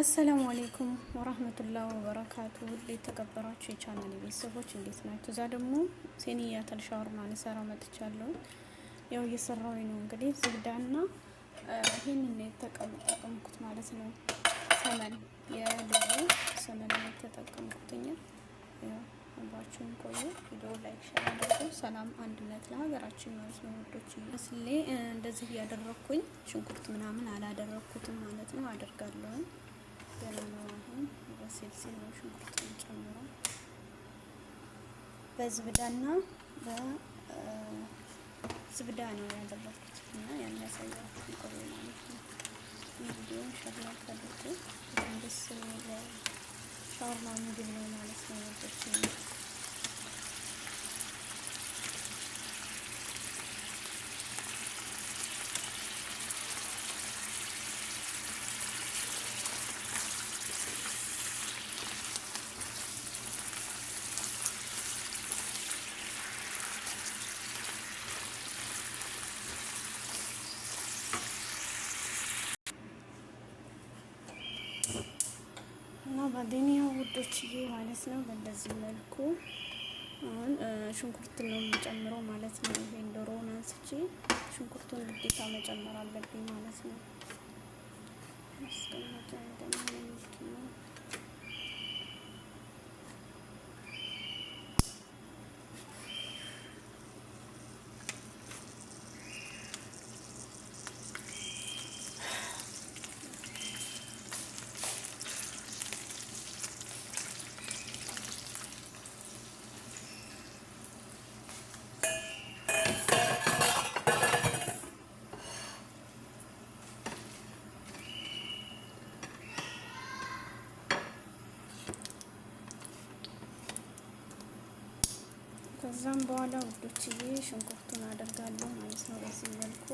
አሰላሙ አሌይኩም ወራህመቱላህ ወበረካቱ የተከበራችሁ የቻናል ቤተሰቦች እንዴት ናቸው? እዛ ደግሞ ሴኒያተል ሻወርማ ልሰራ መጥቻለሁ። ያው እየሰራሁ ነው እንግዲህ ዝግዳና ይህንን የተጠቀምኩት ማለት ነው። ሰመን የዶሮ ሰመን የተጠቀምኩትኛ ባችሁን ቆዩ። ቪዲዮ ላይክ ሸር ሰላም አንድነት ለሀገራችን ማለት ነው ውዶች። መስሌ እንደዚህ እያደረግኩኝ ሽንኩርት ምናምን አላደረግኩትም ማለት ነው አደርጋለሁኝ ገነነው አሁን ነው ሽንኩርቱን ጨምሮ በዝብዳና በዝብዳ ነው ያደረኩት እና ቆሎ ማለት ነው። ሸርላ ፈልጉ ደስ የሚል ሻወርማ ምግብ ነው ማለት ነው ወደች ጓደኛ ውዶችዬ ማለት ነው። በእንደዚህ መልኩ አሁን ሽንኩርት ነው የምጨምረው ማለት ነው። ይሄን ዶሮውን አንስቼ ሽንኩርቱን ግዴታ መጨመር አለብኝ ማለት ነው። ከዛም በኋላ ውዶችዬ ሽንኩርቱን አደርጋለሁ ማለት ነው በዚህ መልኩ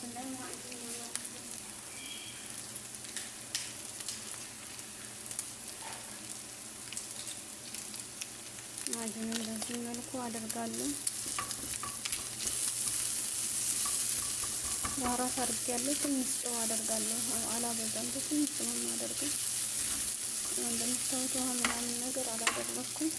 ራሳችን ማለት ነው። ማጅኑን በዚህ መልኩ አደርጋለሁ። ባህራት አድርጌያለሁ። ትንሽ ጨው አደርጋለሁ። አላበዛም፣ በትንሽ ነው የማደርገው። እንደምታዩት ውሃ ምናምን ነገር አላደረኩም።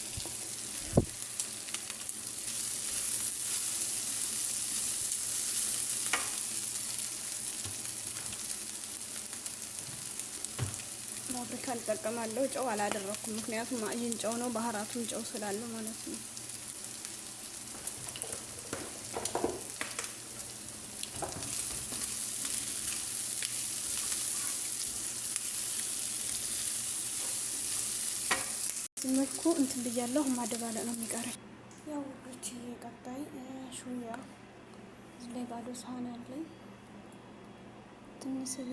እጠቀማለሁ። ጨው አላደረኩም፣ ምክንያቱም አይን ጨው ነው፣ ባህራቱን ጨው ስላለ ማለት ነው። መልኩ እንትን ብያለሁ። ማደባለቅ ነው የሚቀረኝ። ያው ውዶች፣ ቀጣይ ሹያ እዚህ ላይ ባዶ ሳህን አለኝ ትንሽ ጊዜ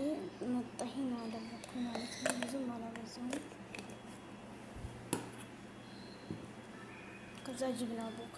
መጣሂ ነው አደረኩ ማለት ነው። ብዙም አላበዛም። ከዛ ጅብና ቦካ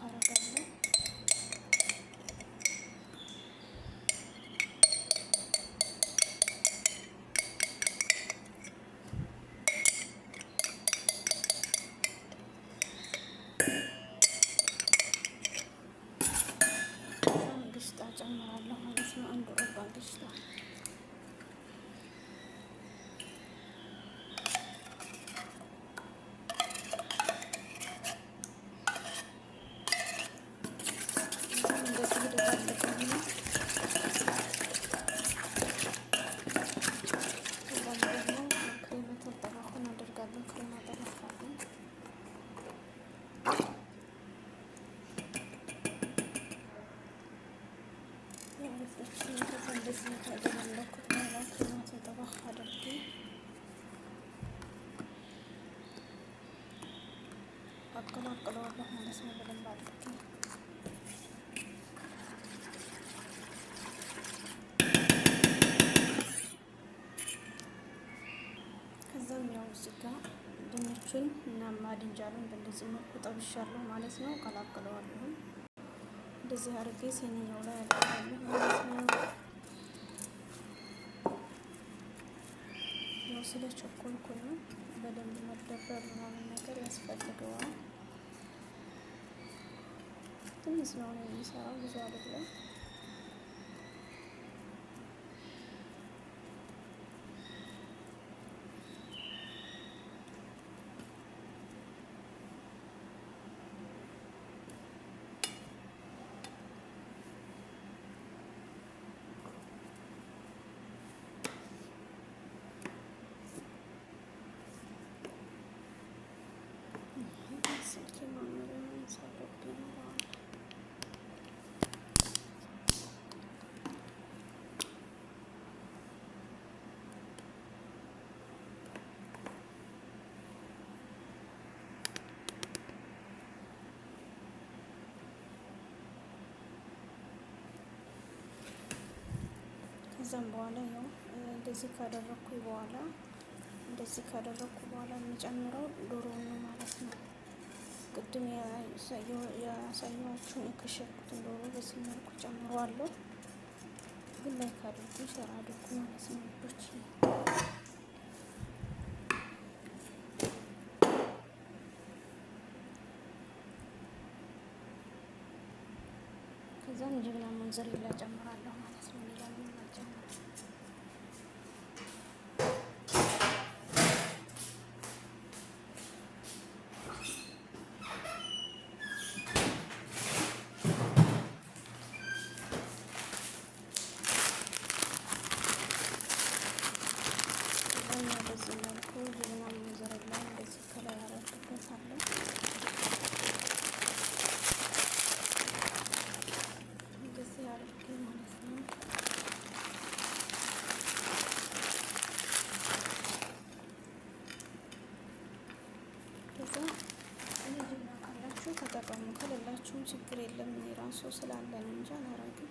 ቡናማ ድንጃሉን በእንደዚህ መልኩ ጠብሻለሁ ማለት ነው። ቀላቅለዋለሁ። እንደዚህ አድርጌ ሲኒያው ላይ ያለዋለሁ ማለት ነው። ያው ስለ ቸኮልኩ ነው። በደንብ መደበር ምናምን ነገር ያስፈልገዋል። ትንሽ ነው የሚሰራው ብዙ አይደለም። ከዛም በኋላ ያው እንደዚህ ካደረኩ በኋላ እንደዚህ ካደረኩ በኋላ የምጨምረው ዶሮ ነው ማለት ነው። ቅድም ያሳየኋችሁን የከሸኩትን ዶሮ በዚህ መልኩ ጨምረዋለሁ። ግን ላይ ካደርጉ ሸራ አድርጉ ማለት ነው ልጆች ከዛም ጀብላ መንዘሬላ ጨምራለሁ። ካላችሁም ችግር የለም። እኔ ራሱ ስላለ ነው እንጂ አላረግም።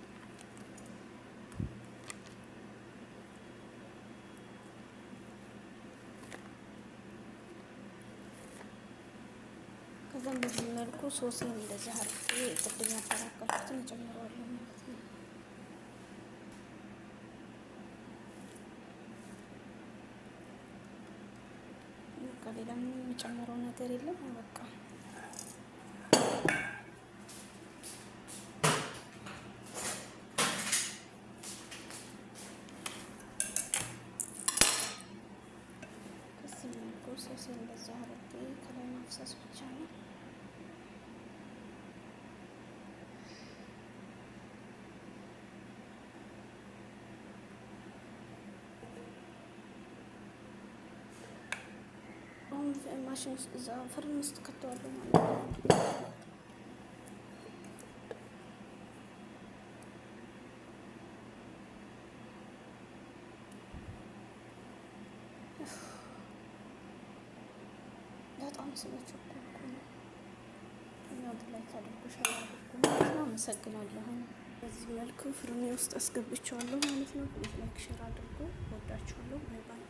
ከዛም በዚህ መልኩ ሶሴን እንደዚህ አርጌ ቅድም ያፈራከርኩትን እጨምረዋለሁ ማለት ነው። በቃ ሌላ ምንም የጨምረው ነገር የለም። በቃ ሶስ እንደዛ አድርጌ ከላይ ማፍሰስ ብቻ ነው። ማሽን ውስጥ እዛ ፍርን ውስጥ ከተዋለሁ ማለት ነው። በጣም ስለቸኮልኩ ነው። እናንተ ላይ አድርጉ ማለት ነው። አመሰግናለሁ። በዚህ መልኩ ፍርሜ ውስጥ አስገብቼዋለሁ ማለት ነው። ላይክ ሼር አድርጉ። ወዳችኋለሁ። ባይ ባይ